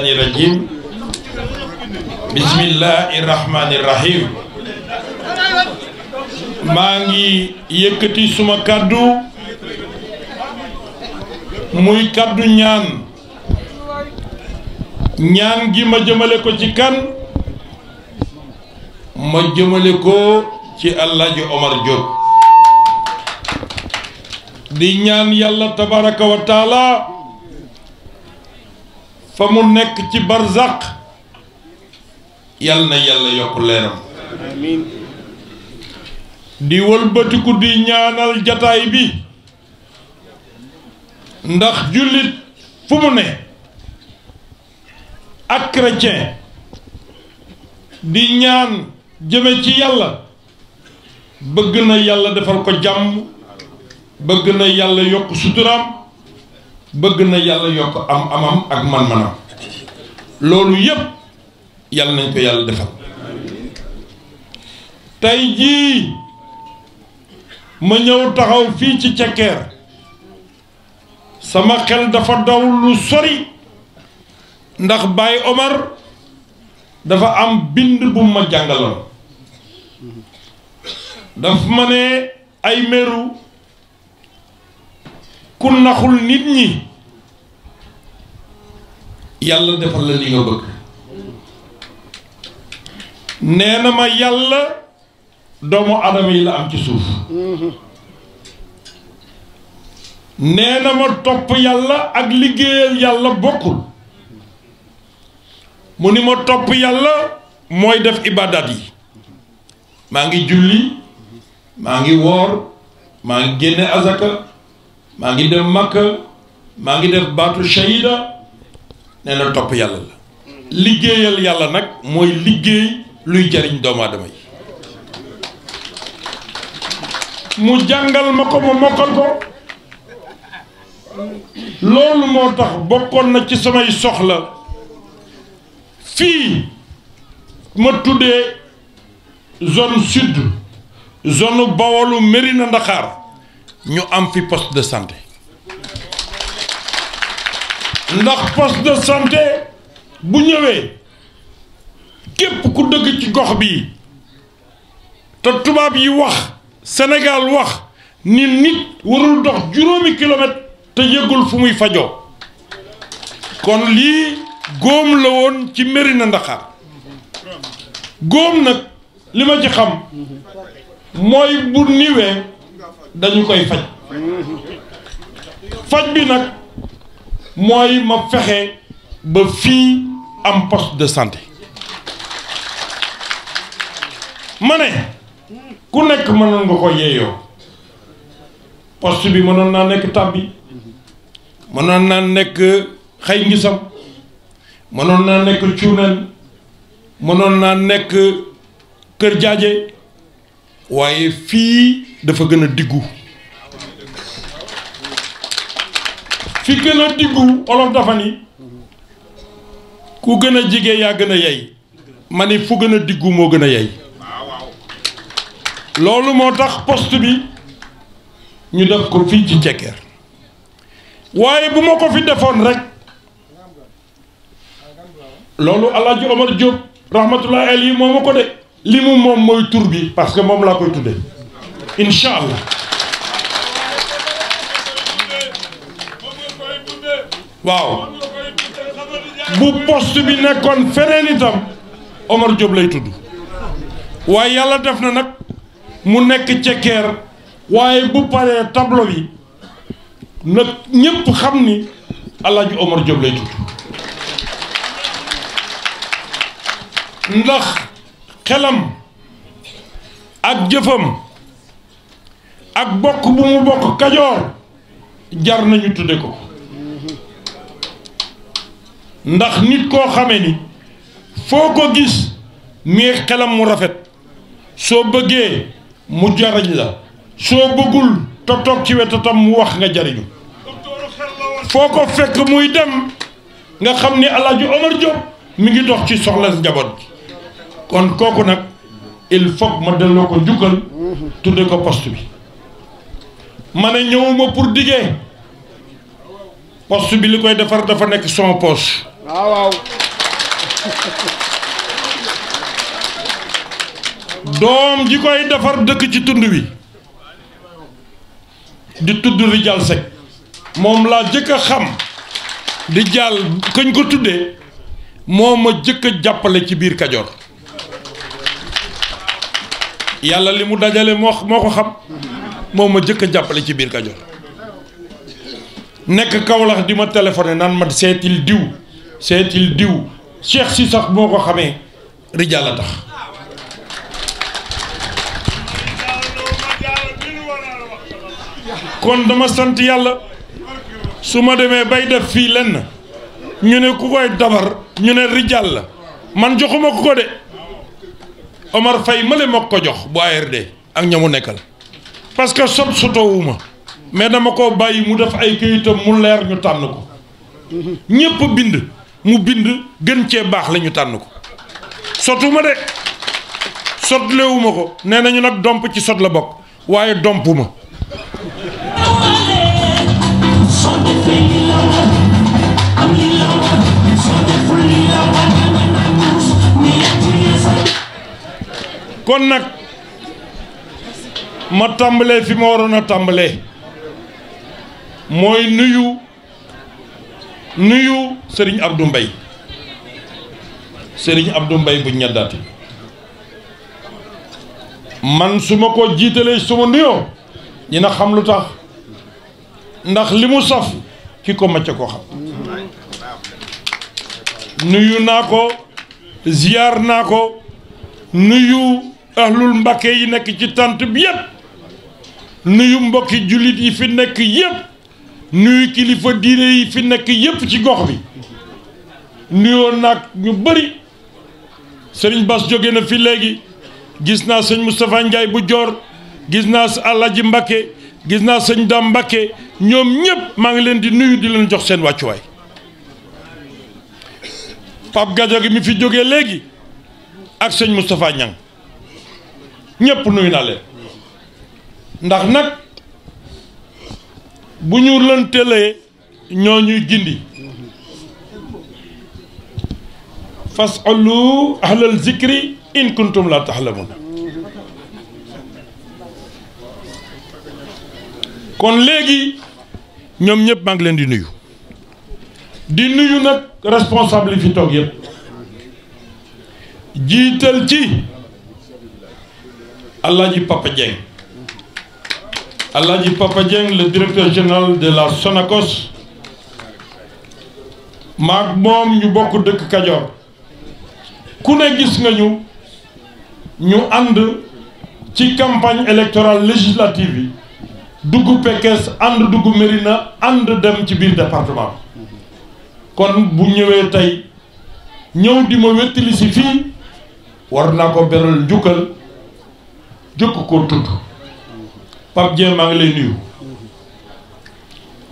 الشيطان maa ngi yëkkati suma kàddu muy kàddu ñaan ñaan gi ma jëmale ko ci kan ma jëmale ko ci Alaaji Omar Diop di ñaan yàlla tabaraka wa taala fa mu nekk ci barzaq yal na yàlla yokk leeram di wëlbatiku di ñaanal jataay bi ndax jullit fu mu ne ak chrétien di ñaan jëme ci yàlla bëgg na yàlla defal ko jàmm bëgg na yàlla yokk suturaam bëgg na yàlla yokk am amam ak man-manam loolu yépp yàlla nañ ko yàlla defal tey jii ma ñëw taxaw fii ci cekkeer sama xel dafa daw lu sori ndax Baye Omar dafa am bind bu ma jàngaloon daf ma ne ay meru ku naxul nit ñi yàlla defal la bëgg nee na ma yàlla doomu aadama yi la am ci suuf nee na ma topp yàlla ak liggéeyal yàlla bokkul mu ni ma topp yàlla mooy def ibadat yi maa ngi julli maa ngi woor maa ngi génne azaka maa ngi dem Makka maa ngi def baatu shahida nee na topp yàlla la liggéeyal yàlla nag mooy liggéey luy jariñ doomu aadama yi mu jàngal ma ko ma mokkal ko loolu moo tax bokkoon na ci samay soxla fii ma tuddee zone sud zone bawalu Mérina Ndaxaar ñu am fi poste de santé ndax poste de santé bu ñëwee képp ku dëgg ci gox bi te tubaab yi wax senegal wax ni nit warul dox juróomi kilomètre te yëgul fu muy fajoo kon lii góom la woon ci Mérina Ndaxaar góom nag li ma ci xam mooy bu niwee dañu koy faj faj bi nag mooy ma fexe ba fii am poste de santé ma ne ku nekk mënoon nga ko yeeyoo poste bi mënoon naa nekk tàbbi mënoon naa nekk xëy ngisam mënoon naa nekk cuunel mënoon naa nekk kër jaaje waaye fii dafa gën a diggu fi gën a diggu olof dafa ni ku gën a jigéen yaa gën a yey mani ni fu gën a diggu moo gën a yey loolu moo tax poste bi ñu def ko fii ci Cekkeen waaye bu ma ko fi defoon rek loolu El Hadj Omar Diop rahmatullahi alayhi moo ma ko de. li mu moom mooy tur bi parce que moom laa koy tudde incha allah waaw bu poste bi nekkoon feneen itam Omar Diop lay tudd waaye yàlla def na nag mu nekk cekkeer waaye bu paree tableau bi nag ñépp xam ni Alaaji Omar Diop lay tudd ndax xelam ak jëfam ak bokk bu mu bokk kajoor jar nañu tudde ko ndax nit koo xame ni foo ko gis mi xelam mu rafet soo bëggee mu jariñ la soo bëggul te toog ci wetatam mu wax nga jariñu foo ko fekk muy dem nga xam ni El Hadj Omar Diop mi ngi dox ci soxla njaboot gi kon kooku nag il faut ma delloo ko njukkal tuddee ko poste bi ma ne ñëwuma pour diggee poste bi li koy defar dafa nekk son poche waaw waaw doom ji koy defar dëkk ci tund wi di tudd di jàll sec moom laa jëkk a xam di jàll kañ ko tuddee moo ma jëkk jàppale ci biir Kajoor yàlla li mu dajale moo moo ko xam moo ma jëkk a jàppale ci biir Kajoor nekk Kaolack di ma téléphoné naan ma seetil diw seetil diw Cheikh si sax moo ko xamee rijaal a tax kon dama sant yàlla su ma demee bay def fii lenn ñu ne ku koy dabar ñu ne rijaal la man joxuma ko ko de Omar ma male moo ko jox bu ARD ak ñamu nekkal parce que sob sotowuma mais dama ko bàyyi mu def ay këyitam mu leer ñu tànn ko ñépp bind mu bind gën cee baax lañu tànn ko sotuma de sotlewuma ko nee nañu nag domp ci sot la bokk waaye dompuma kon nag ma tàmbalee fi ma waroon a tàmbalee mooy nuyu nuyu sëriñ Serigne Abdou Mbaye Serigne Abdou mbay bu ñaddaati man suma ko jiitalee su ma nuyoo dina xam lu tax ndax li mu saf ki ko macc ko xam nuyu naa ko ziyaar naa ko nuyu ahlul Mbàkke yi nekk ci tànt bi yëpp nuyu mbokki jullit yi fi nekk yëpp nuyu kilifa diine yi fi nekk yépp ci gox bi nuyoon nag ñu bari sëriñ Bas jóge na fi léegi gis naa sëñ Moustapha Ndiaye bu joor gis naa Alaaji Mbàkke gis naa sëñ Dam Mbàkke ñoom ñëpp maa ngi leen di nuyu di leen jox seen wàccuwaay Pape Gadio gi mi fi jógee léegi ak sëñ Moustapha Niang ñëpp nuyu na ndax nag bu ñu lëntalee ñoo ñuy gindi fas'alu ahlal la taxlamun kon léegi ñoom ñëpp maa ngi leen di nuyu di nuyu nag responsable yi fi toog yëpp jiital ci Alhaji Papa Dieng Alhaji Papa le directeur général de la Sonacos maag moom ñu bokk dëkk Kajoor ku ne gis nga ñu ñu ànd ci campagne électorale législative yi dugg Pekes ànd dugg Mérina ànd dem ci biir département kon bu ñëwee tey ñëw di ma wéttali si fii war naa ko beral njukkal jëkk ko tudd Pape Dieng maa ngi lay nuyu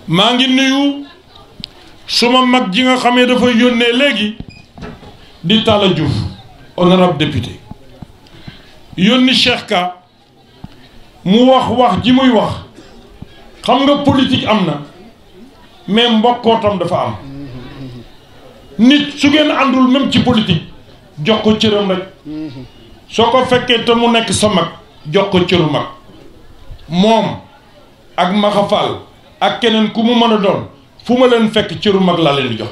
maa ngi nuyu suma mag ji nga xamee dafa yónnee léegi di Talla Diouf honorable député yónni Cheikh Ka mu wax wax ji muy wax xam nga politique am na mais mbokkootam dafa am nit su ngeen àndul même ci politique jox ko cëram rek mm-hmm. soo ko fekkee te mu nekk sa mag jox ko cëru mag moom ak maxafal ak keneen ku mu mën a doon fu ma leen fekk cëru mag laa leen di jox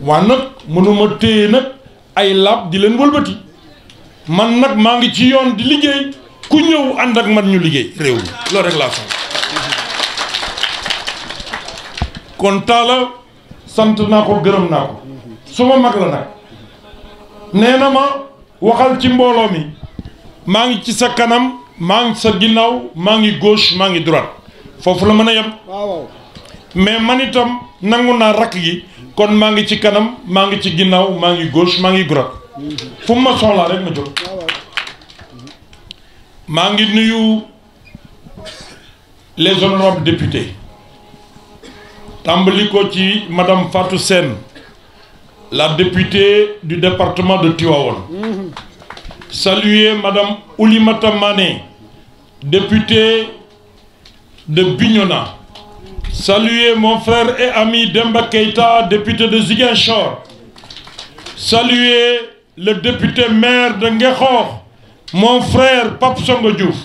waa nag mënuma téye nag ay laab di leen wëlbati man nag maa ngi ci yoon di liggéey ku ñëw ànd ak man ñu liggéey réew mi loolu rek laa soxla kon taala sant naa ko gërëm naa ko su ma mag la nag nee na ma waxal ci mbooloo mi maa ngi ci sa kanam maa ngi sa ginnaaw maa ngi gauche maa ngi droite foofu la mën a yem mais man nangu naa rakk gi kon maa ngi ci kanam maa ngi ci ginnaaw maa ngi gauche maa ngi droite fu mu ma soxlaa rek ma maa ngi nuyu les honorables députés tàmbali ko ci madame Fatou Sène la députée du département de Tivaouane mm-hmm. saluer Madame Oulimata Mané, députée de Bignona. Saluer mon frère et ami Demba Keita, député de Ziguinchor. Saluer le député maire de Ngéhor, mon frère Pape Songo Diouf.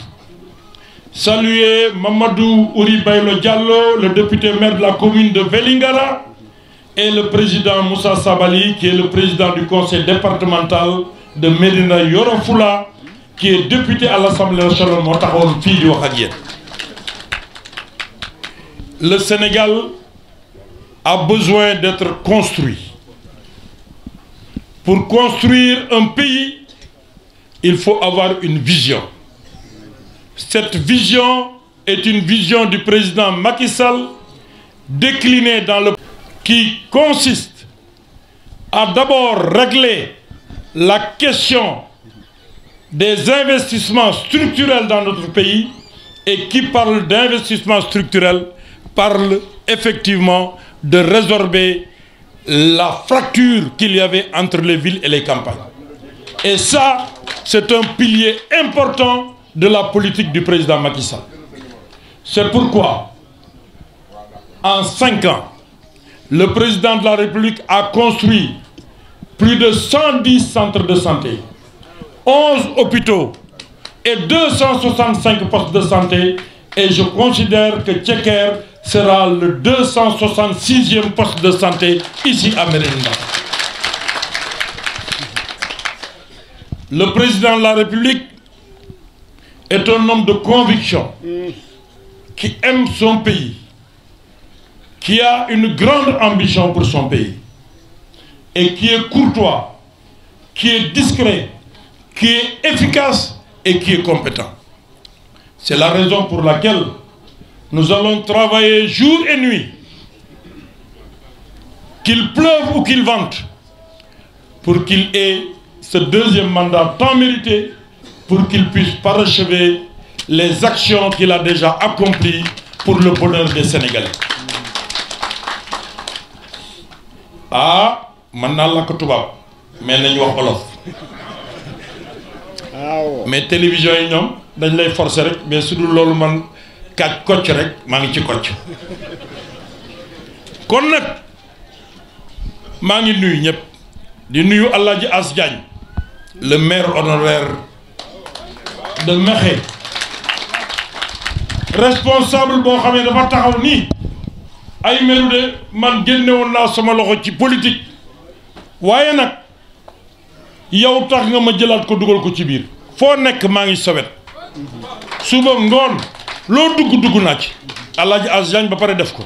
Saluer Mamadou Ouribaïlo Diallo, le député maire de la commune de Velingara, et le président Moussa Sabali, qui est le président du conseil départemental de Médina Yoro Fula qui est député à l'Assemblée nationale moo taxawoon fii wax ak yéen le Sénégal a besoin d'être construit pour construire un pays il faut avoir une vision cette vision est une vision du président Macky Sall déclinée dans le qui consiste à d'abord régler la question des investissements structurels dans notre pays et qui parle d'investissement structurel parle effectivement de résorber la fracture qu'il y avait entre les villes et les campagnes. Et ça, c'est un pilier important de la politique du président Macky Sall. C'est pourquoi, en cinq ans, le président de la République a construit plus de 110 centres de santé, 11 hôpitaux et 265 postes de santé. Et je considère que Tcheker sera le 266e poste de santé ici à Mérenda. Le président de la République est un homme de conviction qui aime son pays, qui a une grande ambition pour son pays. et qui est courtois, qui est discret, qui est efficace et qui est compétent. C'est la raison pour laquelle nous allons travailler jour et nuit, qu'il pleuve ou qu'il vente, pour qu'il ait ce deuxième mandat tant mérité, pour qu'il puisse parachever les actions qu'il a déjà accomplies pour le bonheur des Sénégalais. Ah, man naa làkk tubaab mais nañ wax olof waaw mais télévision yi ñoom dañ lay force rek mais su dul loolu man kaaj kocc rek maa ngi ci kocc kon nag maa ngi nuyu ñëpp di nuyu El Hadj As Diagne le maire honoraire de Mekhe responsable boo xamee dafa taxaw nii ay melu de man génne woon naa sama loxo ci politique waaye nag yow tax nga ma jëlaat ko dugal ko ci biir foo nekk maa ngi sawet suba ngoon loo dugg dugg naa ci alaaji Asdiagne ba pare def ko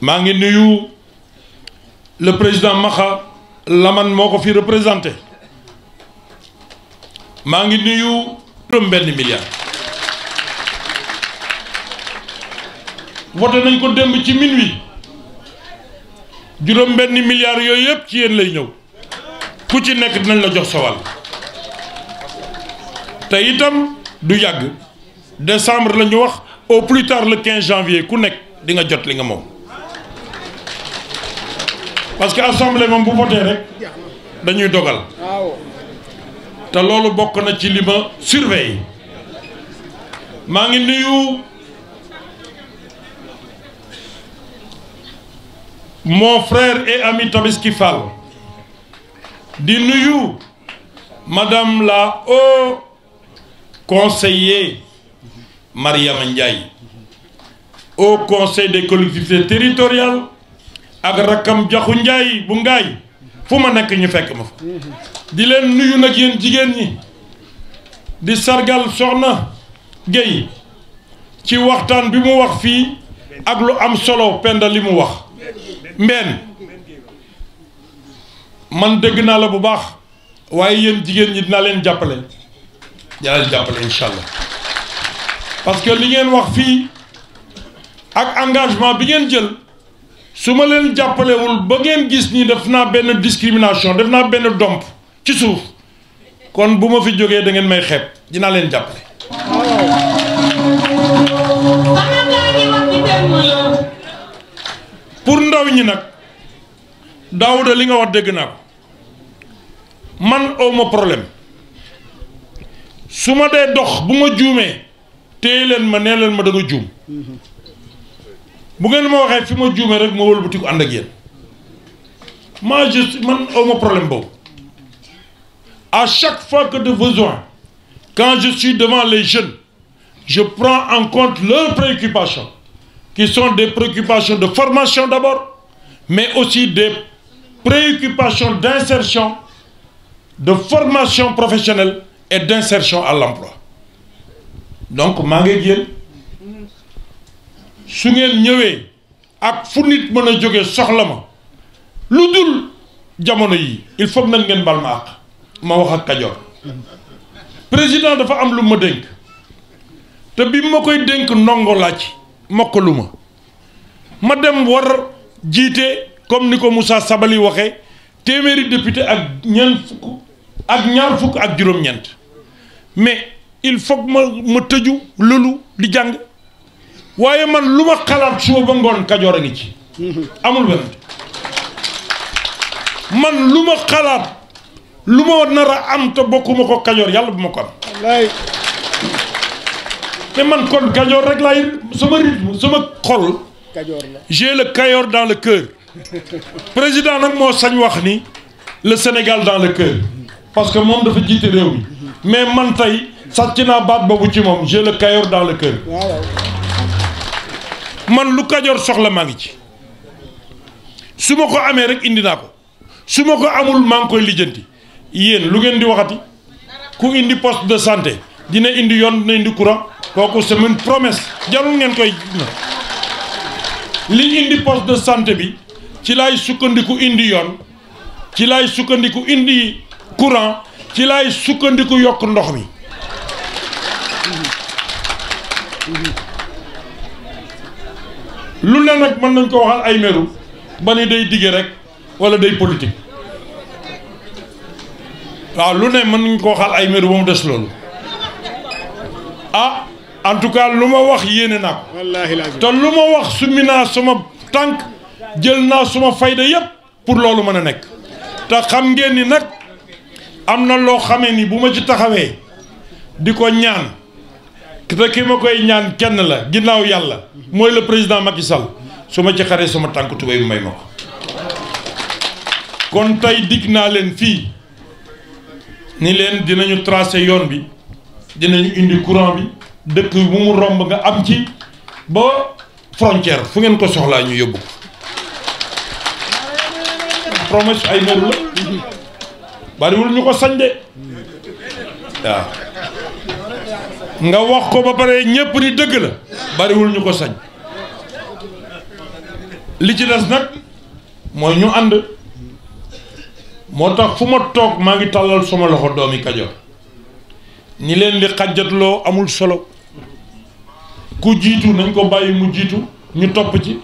maa ngi nuyu le président Maxa Laman moo ko fi représenté maa ngi nuyu juróom benn milliard wote nañ ko démb ci minuit juróom mbenn milliards yooyu yëpp ci yenn lay ñëw ku ci nekk dinañ la jox sa te itam du yàgg décembre la ñu wax au plus tard le 15 janvier ku nekk di nga jot li nga moom parce que assemblée moom bu voté rek dañuy dogal te loolu bokk na ci li ma surveille maa ngi nuyu. mon frère et ami Tabaski Fall di nuyu madame la haute conseillère Mariama Ndiaye au conseil des collectivités territoriales ak rakkam Jaxu Ndiaye bu ngaay fu ma nekk ñu fekk ma fa di leen nuyu nag yéen jigéen ñi di sargal soxna Guèye ci waxtaan bi mu wax fii ak lu am solo penda li mu wax mbeen man dégg naa la bu baax waaye yéen jigéen ñi dinaa leen jàppale dinaa leen jàppale incha allah parce que li ngeen wax fii ak engagement bi ngeen jël su ma leen jàppalewul ba ngeen gis nii def naa benn discrimination def naa benn domp ci suuf kon bu ma fi jógee da ngeen may xeeb dinaa leen jàppale. Oh. pour ndaw ñi nag Daouda li nga wax dégg naa ko man awma problème su ma dee dox bu ma juumee téye leen ma nee leen ma da nga juum bu ngeen ma waxee fi ma juumee rek ma wëlbatiku ànd ak yéen ma juste man awma problème boobu à chaque fois que de besoin quand je suis devant les jeunes je prends en compte leurs préoccupations qui sont des préoccupations de formation d'abord, mais aussi des préoccupations d'insertion, de formation professionnelle et d'insertion à l'emploi. donc maa ngi ak yéen su ngeen ñëwee ak fu nit mën a jóge soxla ma lu dul jamono yi il faut nag ngeen bal ma àq ma wax ak Kajoor président dafa am lu ma dénk te bi ma koy dénk ndongo laa mokkalu ma ma dem war jiite comme ni ko Moussa Sabali waxee téeméeri député ak ñeent fukk ak ñaar juróom-ñeent mais il faut que ma ma tëju lolu di jàng waaye man lu ma xalaat suba ba ngoon kajoor a ngi ci amul benn man lu ma xalaat lu ma nar a am te bokkuma ko kajoor yàlla bu ma ko te man kon kajoor rek laay sama rythme sama xol. kajoor la j'ai le Kayor dans le cœur président nag moo sañ wax ni le Sénégal dans le cœur parce que moom dafa jiite réew mi mais man tey sàcc naa baat boobu ci moom j'ai le Kayor dans le cœur man lu kajoor soxla maa ngi ci su ma ko amee rek indi naa ko su ma ko amul maa ngi koy lijjanti yéen lu ngeen di waxati ku indi poste de santé dina indi yoon dina indi courant. kooku c'est une promesse jarul ngeen koy li indi poste de santé bi ci laay sukkandiku indi yoon ci laay sukkandiku indi courant ci lay sukkandiku yokk ndox mi lu ne nag mën nañ koo xal ay meru ba ni day digge rek wala day politique waaw lu ne mën nañu ko waxal ay meru ba mu des loolu ah, en tout lu ma wax yéene naa ko wallaahi te lu ma wax summi naa suma tànk jël naa suma fayda yépp pour loolu mën a nekk te xam ngeen ni nag am na loo xamee ni bu ma ci taxawee di ko ñaan te ki ma koy ñaan kenn la ginnaaw yàlla mooy le président Macky Sall su ma ci xaree suma tànk tubéy bi may ma ko kon tey dig naa leen fii ni leen dinañu tracé yoon bi dinañu indi courant bi dëkk bu mu romb nga am ci ba frontière fu ngeen ko soxlaa ñu yóbbu ko promesse ay maru la bariwul ñu ko sañ de waaw nga wax ko ba pare ñépp ni dëgg la bariwul ñu ko sañ li ci des nag mooy ñu ànd moo tax fu ma toog maa ngi tàllal suma loxo doomi kajo ni leen li xàjjatloo amul solo ku jiitu nañ ko bàyyi mu jiitu ñu topp ci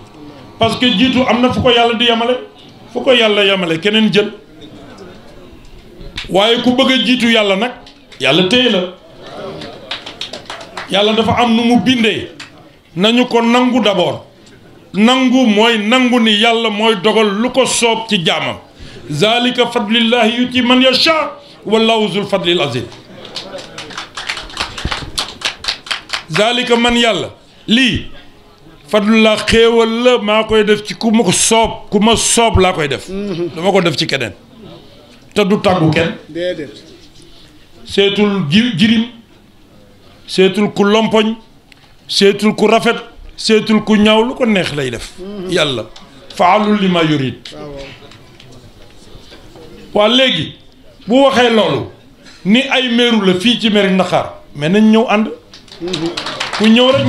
parce que jiitu am na fu ko yàlla di yamale fu ko yàlla yamale keneen jël waaye ku bëgg jiitu yàlla nag yàlla téye la yàlla dafa am nu mu bindee nañu ko nangu d'abord nangu mooy nangu ni yàlla mooy dogal lu ko soob ci jaamam zalika fadlillahi ci man yasha wallahu zul fadlil azim zalika man yàlla lii fadlulaa xéewal la maa koy def ci ku ma ko soob ku ma soob laa koy def mhm. dama ko def ci keneen te du tàggu kenn seetul ji jirim seetul ku lompoñ seetul ku rafet seetul ku ñaaw lu ko neex lay def mhm. yàlla faalul li ma waa léegi bu waxee loolu ni ay meeru la fii ci meeri Ndakaar mais ñëw ànd ku ñëw rek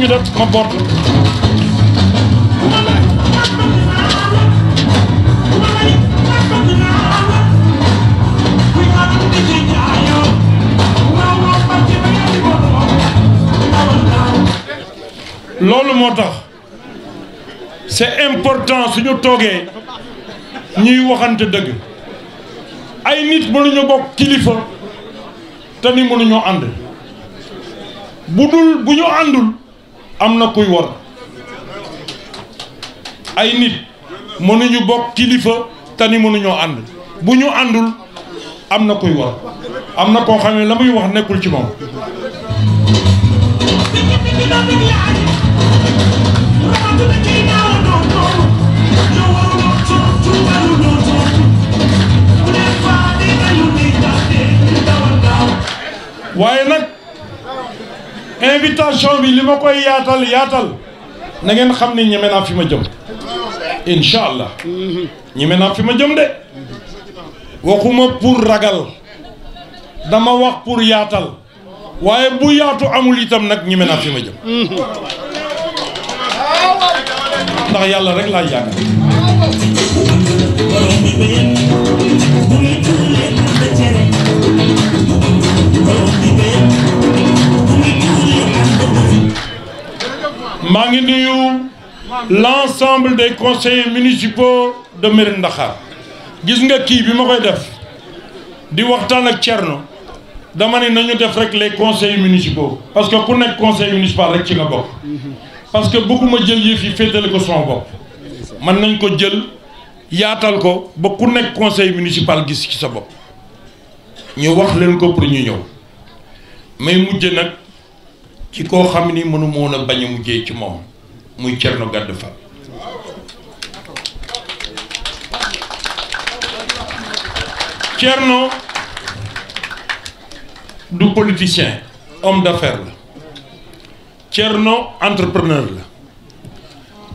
loolu moo tax c'est important suñu toogee ñuy waxante dëgg ay nit mënuñu bokk kilifa te ni mënuñoo ànd bu dul bu ñu àndul am na kuy wor ay nit mënuñu bokk kilifa te ni mënuñoo ànd bu ñu àndul am na kuy wor am na koo xam ne la muy wax nekkul ci moom waaye nag invitation bi li ma koy yaatal yaatal na ngeen xam ni ñeme naa fi ma jëm incha allah ñeme naa fi ma jëm de waxuma pour ragal dama wax pour yaatal waaye bu yaatu amul itam nag ñeme naa fi ma jëm ndax yàlla rek laa yaakaar maa ngi nuyu l'ensemble des conseillers municipaux de Mérina Dakhar gis nga kii bi ma koy def di waxtaan ak Thierno dama ne nañu def rek les conseils municipaux parce que ku nekk conseil municipal rek ci nga bokk parce que bëgguma jël yëf yi féetale ko sama bopp mën nañ ko jël yaatal ko ba ku nekk conseil municipal gis ci sa bopp ñu wax leen ko pour ñu ñëw mais mujj nag ci koo xam ni mënu moon a bañ a mujjee ci moom muy Thierno Gadd Fall Thierno du politicien homme d'affaires la Thierno entrepreneur la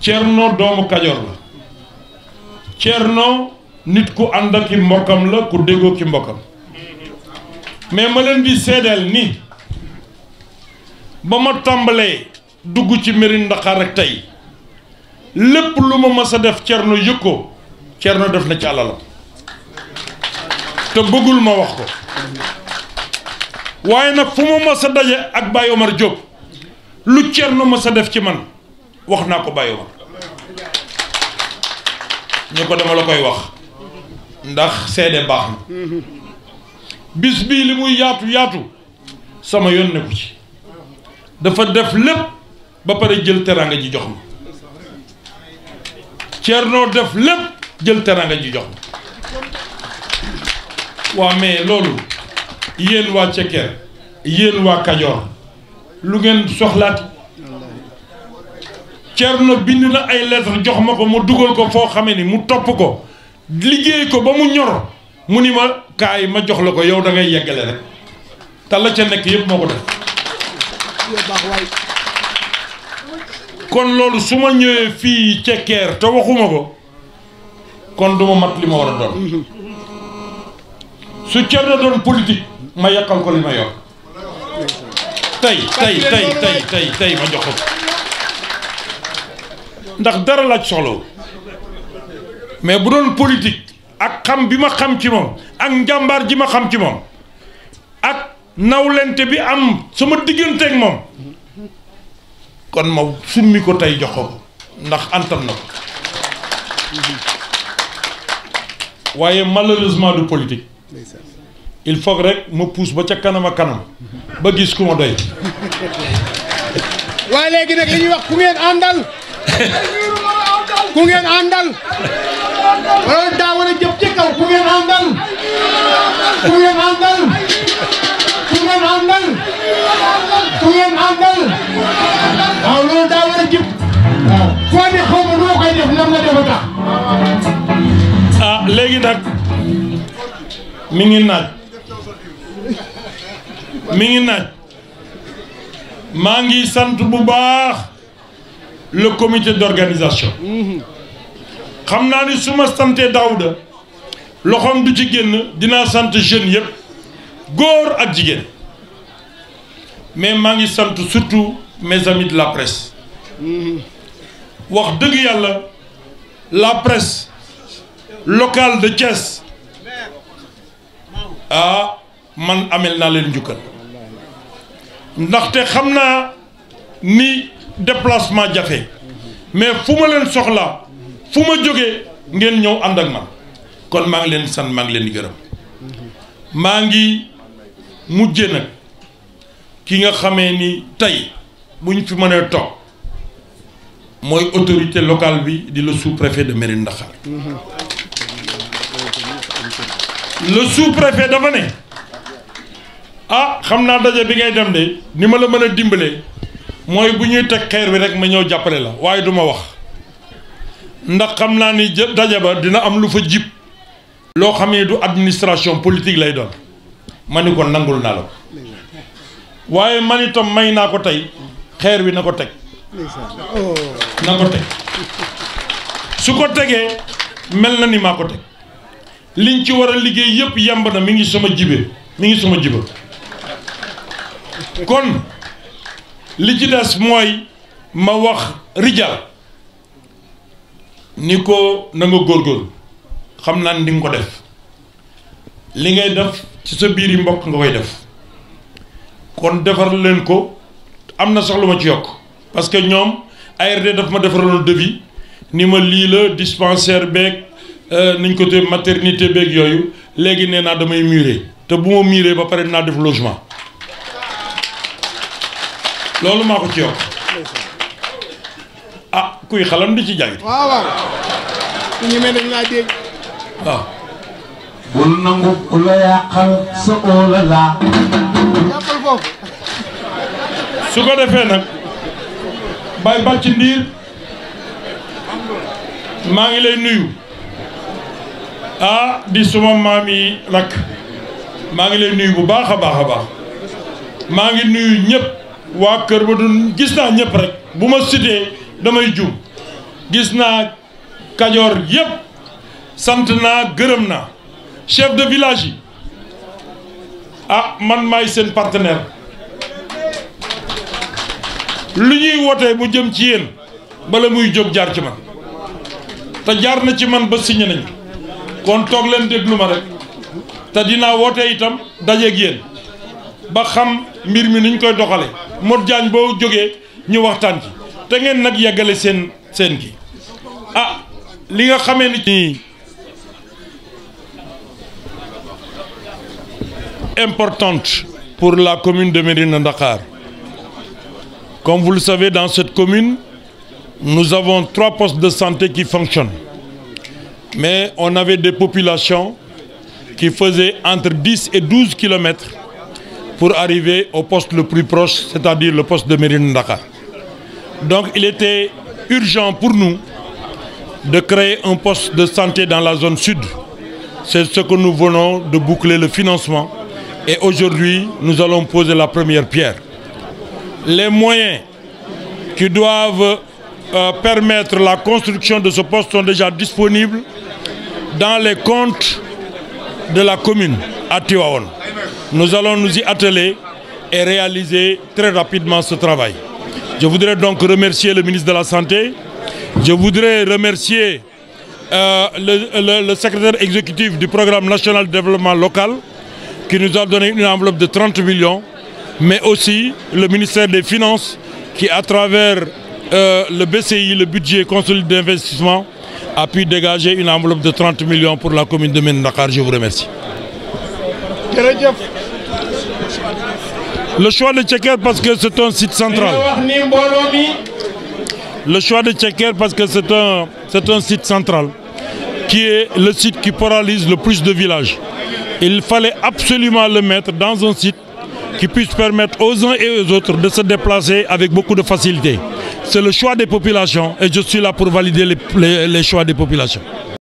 Thierno doomu Kajoor la Thierno nit ku ànd ak i mbokkam la ku déggoo ki mbokkam mais ma leen di seedeel ni ba ma tàmbalee dugg ci Mérina Dakhar rek tey lépp lu ma mës a def Thierno yëg ko Thierno def na ci alalam te bëggul ma wax ko waaye nag fu ma mës a daje ak Baye Omar Diop lu Thierno mës a def ci man wax naa ko Baye Omar ñu ko dama la koy wax ndax seede baax na bis bii li muy yaatu yaatu sama yoon ci dafa def lépp ba pare jël teraanga ji jox ma noo def lépp jël teraanga ji jox ma waa mais loolu yéen waa Cekkeen yéen waa Kajoor lu ngeen soxlaati Thierno bind na ay lettre jox ma ko ma dugal ko foo xamee ni mu topp ko liggéey ko ba mu ñor mu ni ma kaay ma jox la ko yow da ngay yeggale rek te la ca nekk yëpp moo ko def. kon loolu su ma ñëwee fii cekkeer te waxuma ko kon duma mat li ma war a doon su cer na doon politique ma yàqal ko li ma yor tey tey tey tey tey ma jox ndax dara laaj soxlaw mais bu doon politique ak xam bi ma xam ci moom ak njàmbaar ji ma xam ci moom ak nawlente bi am sama digganteeg moom kon ma summi ko tey jox ko ndax antam na ko waaye malheureusement du politique il faut rek ma pousse ba ca kanam a kanam ba gis ku ma doy waaye léegi nag li ñuy wax ku ngeen àndal ku ngeen àndal wala daa war a jëm ku ngeen àndal koo ah, léegi nag mi ngi naaj mi ngi naaj maa ngi sant bu baax le comité d'organisation xam naa ni su ma santee Daouda loxoom du ci génn dinaa sant jeunes yëpp góor ak jigéen mais maa ngi sant surtout mésamite la presse wax dëgg yàlla la presse locale de Thiès ah man amel naa leen njukkal ndaxte xam naa ni déplacement jafe mais fu ma leen soxlaa fu ma jógee ngeen ñëw ànd ak man kon maa ngi leen san maa ngi leen di gërëm maa ngi mujje nag ki nga xamee ni tey buñ fi mënee toog mooy autorité locale bi di la sous-préfet de Mérina Dakhar le sous-préfet dafa ne ah xam naa daje bi ngay dem de ni ma la mën a dimbale mooy bu ñuy teg xeer bi rek ma ñëw jàppale la waaye du ma wax ndax xam naa ni daje ba dina am lu fa jib loo xam ne du administration politique lay doon ma ni ko nangul naa la ko waaye man itam may naa ko tey xeer bi na ko teg na ko teg su ko tegee mel na ni maa ko teg liñ ci war a liggéey yépp yemb na mi ngi sama jibe mi ngi sama jiba kon li ci des mooy ma wax rijal ni ko na góor góor xam naa ni nga ko def li ngay def ci sa biir yi mbokk nga koy def kon defar leen ko am na sax lu ma ci yokk parce que ñoom ARD daf ma defaraloon devis ni ma lii la dispensaire beeg euh, niñ ko tuddee maternité beeg yooyu léegi nee naa damay muré te bu ma muré ba pare dinaa def logement loolu maa ko ci yokk ah kuy xalam di ci jàng. waaw waaw. su ñu mel ku la yàqal sa óola laa. su ko defee nag. Baye Bàcc Ndiir maa ngi lay nuyu ah di suma maam yi nag maa ngi lay nuyu bu baax a baax a baax maa ngi nuyu ñëpp waa Kër Madoune gis naa ñëpp rek bu ma cité damay jum gis naa Kajoor yëpp sant naa gërëm naa chef de village yi ah man maay seen partenaire lu ñuy woote mu jëm ci yéen bala muy jóg jaar ci man te jaar na ci man ba signé nañ kon toog leen déglu ma rek te dinaa woote itam dajeeg yéen ba xam mbir mi niñ koy doxale mot jaañ boo jógee ñu waxtaan ci te ngeen nag yeggale seen seen gi a ah, li nga xamee ni importante pour la commune de Médina Dakar Comme vous le savez, dans cette commune, nous avons trois postes de santé qui fonctionnent. Mais on avait des populations qui faisaient entre 10 et 12 kilomètres pour arriver au poste le plus proche, c'est-à-dire le poste de Mérine Dakar. Donc il était urgent pour nous de créer un poste de santé dans la zone sud. C'est ce que nous venons de boucler le financement. Et aujourd'hui, nous allons poser la première pierre. les moyens qui doivent euh, permettre la construction de ce poste sont déjà disponibles dans les comptes de la commune à Tivaouane. Nous allons nous y atteler et réaliser très rapidement ce travail. Je voudrais donc remercier le ministre de la Santé. Je voudrais remercier euh, le, le, le secrétaire exécutif du programme national de développement local qui nous a donné une enveloppe de millions mais aussi le ministère des Finances qui, à travers euh, le BCI, le budget consolidé d'investissement, a pu dégager une enveloppe de 30 millions pour la commune de Mendakar. Je vous remercie. Le choix de Tcheker parce que c'est un site central. Le choix de Tcheker parce que c'est un, un site central qui est le site qui paralyse le plus de villages. Il fallait absolument le mettre dans un site qui puisse permettre aux uns et aux autres de se déplacer avec beaucoup de facilité. C'est le choix des populations et je suis là pour valider les, les, les choix des populations.